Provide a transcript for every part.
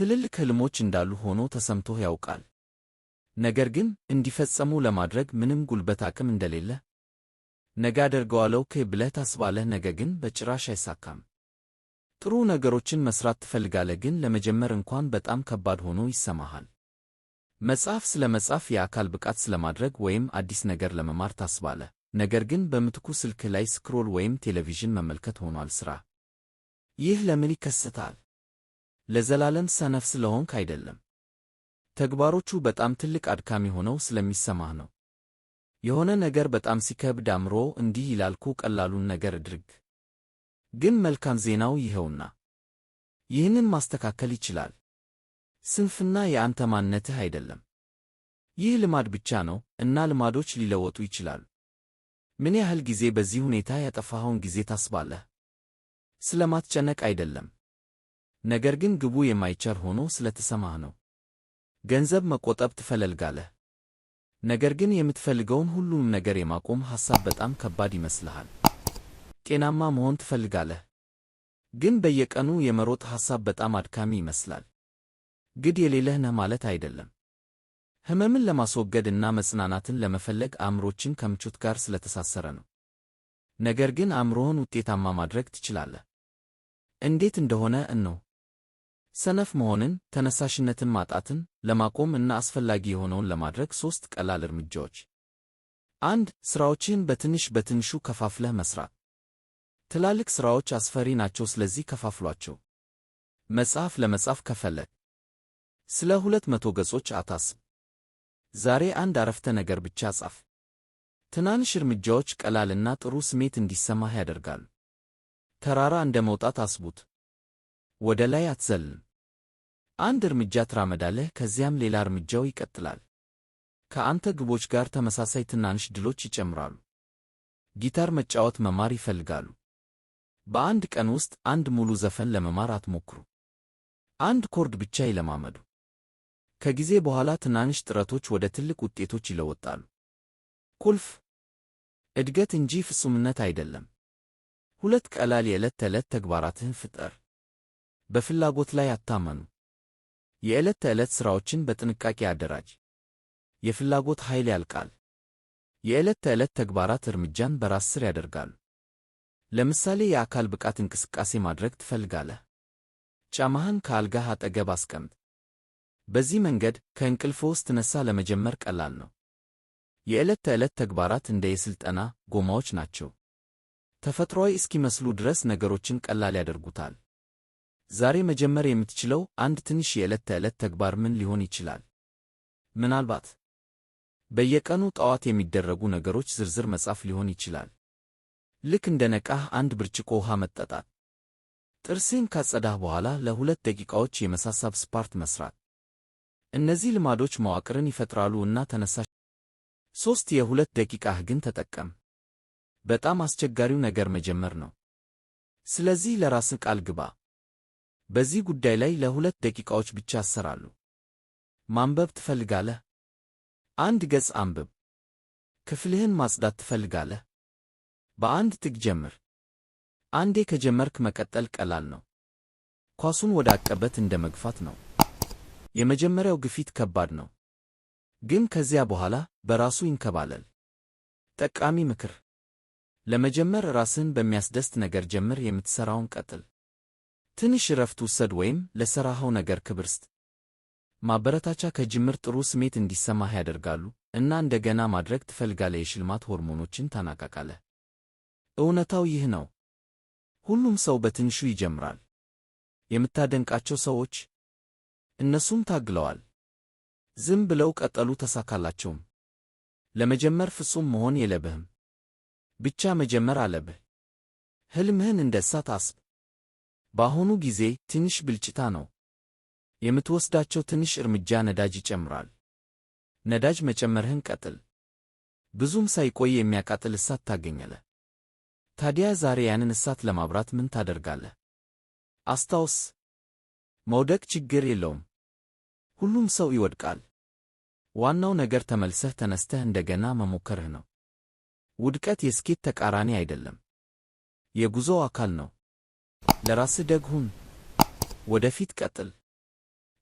ትልልቅ ሕልሞች እንዳሉ ሆኖ ተሰምቶህ ያውቃል። ነገር ግን እንዲፈጸሙ ለማድረግ ምንም ጉልበት አቅም እንደሌለ ነገ አደርገዋለሁ ከ ብለህ ታስባለህ፣ ነገ ግን በጭራሽ አይሳካም። ጥሩ ነገሮችን መስራት ትፈልጋለህ፣ ግን ለመጀመር እንኳን በጣም ከባድ ሆኖ ይሰማሃል። መጽሐፍ ስለ መጻፍ፣ የአካል ብቃት ስለማድረግ ወይም አዲስ ነገር ለመማር ታስባለህ፣ ነገር ግን በምትኩ ስልክ ላይ ስክሮል ወይም ቴሌቪዥን መመልከት ሆኗል ስራ። ይህ ለምን ይከሰታል? ለዘላለም ሰነፍ ስለሆንክ አይደለም። ተግባሮቹ በጣም ትልቅ አድካሚ ሆነው ስለሚሰማህ ነው። የሆነ ነገር በጣም ሲከብድ አምሮ እንዲህ ይላልኩ ቀላሉን ነገር እድርግ። ግን መልካም ዜናው ይኸውና ይህንን ማስተካከል ይችላል። ስንፍና የአንተ ማንነትህ አይደለም። ይህ ልማድ ብቻ ነው እና ልማዶች ሊለወጡ ይችላሉ። ምን ያህል ጊዜ በዚህ ሁኔታ ያጠፋኸውን ጊዜ ታስባለህ? ስለማትጨነቅ አይደለም። ነገር ግን ግቡ የማይቸር ሆኖ ስለተሰማህ ነው። ገንዘብ መቆጠብ ትፈለልጋለህ ነገር ግን የምትፈልገውን ሁሉንም ነገር የማቆም ሐሳብ በጣም ከባድ ይመስልሃል። ጤናማ መሆን ትፈልጋለህ፣ ግን በየቀኑ የመሮጥ ሐሳብ በጣም አድካሚ ይመስላል። ግድ የሌለህ ነህ ማለት አይደለም። ህመምን ለማስወገድ እና መጽናናትን ለመፈለግ አእምሮችን ከምቾት ጋር ስለተሳሰረ ነው። ነገር ግን አእምሮህን ውጤታማ ማድረግ ትችላለህ። እንዴት እንደሆነ እነው። ሰነፍ መሆንን፣ ተነሳሽነትን ማጣትን ለማቆም እና አስፈላጊ የሆነውን ለማድረግ ሶስት ቀላል እርምጃዎች። አንድ ስራዎችህን በትንሽ በትንሹ ከፋፍለህ መስራት። ትላልቅ ስራዎች አስፈሪ ናቸው፣ ስለዚህ ከፋፍሏቸው። መጽሐፍ ለመጻፍ ከፈለግ ስለ ሁለት መቶ ገጾች አታስብ። ዛሬ አንድ አረፍተ ነገር ብቻ ጻፍ። ትናንሽ እርምጃዎች ቀላልና ጥሩ ስሜት እንዲሰማህ ያደርጋሉ። ተራራ እንደ መውጣት አስቡት። ወደ ላይ አትዘልም። አንድ እርምጃ ትራመዳለህ፣ ከዚያም ሌላ እርምጃው ይቀጥላል። ከአንተ ግቦች ጋር ተመሳሳይ ትናንሽ ድሎች ይጨምራሉ። ጊታር መጫወት መማር ይፈልጋሉ? በአንድ ቀን ውስጥ አንድ ሙሉ ዘፈን ለመማር አትሞክሩ። አንድ ኮርድ ብቻ ይለማመዱ። ከጊዜ በኋላ ትናንሽ ጥረቶች ወደ ትልቅ ውጤቶች ይለወጣሉ። ቁልፍ እድገት እንጂ ፍጹምነት አይደለም። ሁለት ቀላል የዕለት ተዕለት ተግባራትህን ፍጠር። በፍላጎት ላይ አታመኑ። የዕለት ተዕለት ሥራዎችን በጥንቃቄ አደራጅ። የፍላጎት ኃይል ያልቃል። የዕለት ተዕለት ተግባራት እርምጃን በራስ ሥር ያደርጋሉ። ለምሳሌ የአካል ብቃት እንቅስቃሴ ማድረግ ትፈልጋለህ። ጫማህን ከአልጋህ አጠገብ አስቀምጥ። በዚህ መንገድ ከእንቅልፎ ነሳ ለመጀመር ቀላል ነው። የዕለት ተዕለት ተግባራት እንደ የሥልጠና ጎማዎች ናቸው። ተፈጥሯዊ እስኪመስሉ ድረስ ነገሮችን ቀላል ያደርጉታል። ዛሬ መጀመር የምትችለው አንድ ትንሽ የዕለት ተዕለት ተግባር ምን ሊሆን ይችላል? ምናልባት በየቀኑ ጠዋት የሚደረጉ ነገሮች ዝርዝር መጻፍ ሊሆን ይችላል። ልክ እንደ ነቃህ አንድ ብርጭቆ ውሃ መጠጣት፣ ጥርስን ካጸዳህ በኋላ ለሁለት ደቂቃዎች የመሳሳብ ስፓርት መስራት። እነዚህ ልማዶች መዋቅርን ይፈጥራሉ እና ተነሳሽ። ሦስት የሁለት ደቂቃ ግን ተጠቀም። በጣም አስቸጋሪው ነገር መጀመር ነው። ስለዚህ ለራስህ ቃል ግባ። በዚህ ጉዳይ ላይ ለሁለት ደቂቃዎች ብቻ አሰራሉ። ማንበብ ትፈልጋለህ? አንድ ገጽ አንብብ። ክፍልህን ማጽዳት ትፈልጋለህ? በአንድ ትግ ጀምር። አንዴ ከጀመርክ መቀጠል ቀላል ነው። ኳሱን ወደ አቀበት እንደ መግፋት ነው። የመጀመሪያው ግፊት ከባድ ነው፣ ግን ከዚያ በኋላ በራሱ ይንከባለል። ጠቃሚ ምክር ለመጀመር ራስን በሚያስደስት ነገር ጀምር። የምትሠራውን ቀጥል። ትንሽ እረፍት ውሰድ ወይም ለሠራኸው ነገር ክብር ስጥ። ማበረታቻ ከጅምር ጥሩ ስሜት እንዲሰማህ ያደርጋሉ እና እንደገና ማድረግ ትፈልጋለህ። የሽልማት ሆርሞኖችን ታናቃቃለህ። እውነታው ይህ ነው። ሁሉም ሰው በትንሹ ይጀምራል። የምታደንቃቸው ሰዎች እነሱም ታግለዋል። ዝም ብለው ቀጠሉ፣ ተሳካላቸውም። ለመጀመር ፍጹም መሆን የለብህም፣ ብቻ መጀመር አለብህ። ሕልምህን እንደ እሳት አስብ። በአሁኑ ጊዜ ትንሽ ብልጭታ ነው። የምትወስዳቸው ትንሽ እርምጃ ነዳጅ ይጨምራል። ነዳጅ መጨመርህን ቀጥል። ብዙም ሳይቆይ የሚያቃጥል እሳት ታገኛለህ። ታዲያ ዛሬ ያንን እሳት ለማብራት ምን ታደርጋለህ? አስታውስ፣ መውደቅ ችግር የለውም። ሁሉም ሰው ይወድቃል። ዋናው ነገር ተመልሰህ ተነስተህ እንደገና መሞከርህ ነው። ውድቀት የስኬት ተቃራኒ አይደለም፣ የጉዞው አካል ነው። ለራስህ ደግ ሁን። ወደፊት ቀጥል።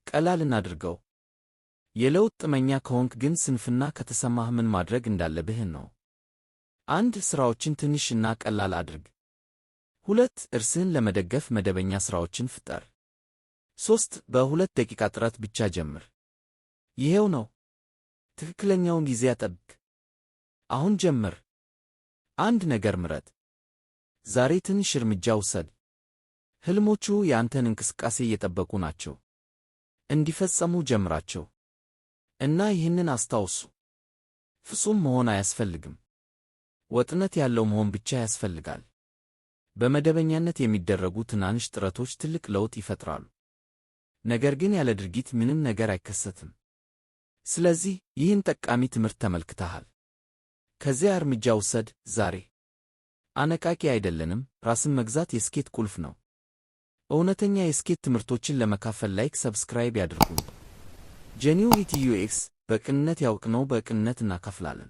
ቀላል እናድርገው። የለውጥ ጥመኛ ከሆንክ ግን ስንፍና ከተሰማህ ምን ማድረግ እንዳለብህን ነው። አንድ ሥራዎችን ትንሽ እና ቀላል አድርግ። ሁለት እርስህን ለመደገፍ መደበኛ ሥራዎችን ፍጠር። ሦስት በሁለት ደቂቃ ጥረት ብቻ ጀምር። ይሄው ነው። ትክክለኛውን ጊዜ አጠብቅ። አሁን ጀምር። አንድ ነገር ምረጥ። ዛሬ ትንሽ እርምጃ ውሰድ። ሕልሞቹ ያንተን እንቅስቃሴ እየጠበቁ ናቸው። እንዲፈጸሙ ጀምራቸው እና ይህንን አስታውሱ፣ ፍጹም መሆን አያስፈልግም። ወጥነት ያለው መሆን ብቻ ያስፈልጋል። በመደበኛነት የሚደረጉ ትናንሽ ጥረቶች ትልቅ ለውጥ ይፈጥራሉ። ነገር ግን ያለ ድርጊት ምንም ነገር አይከሰትም። ስለዚህ ይህን ጠቃሚ ትምህርት ተመልክተሃል። ከዚያ እርምጃ ውሰድ ዛሬ። አነቃቂ አይደለንም። ራስን መግዛት የስኬት ቁልፍ ነው። እውነተኛ የስኬት ትምህርቶችን ለመካፈል ላይክ፣ ሰብስክራይብ ያድርጉ። ጄኒው ኢትዩኤክስ በቅንነት ያውቅነው በቅንነት እናካፍላለን።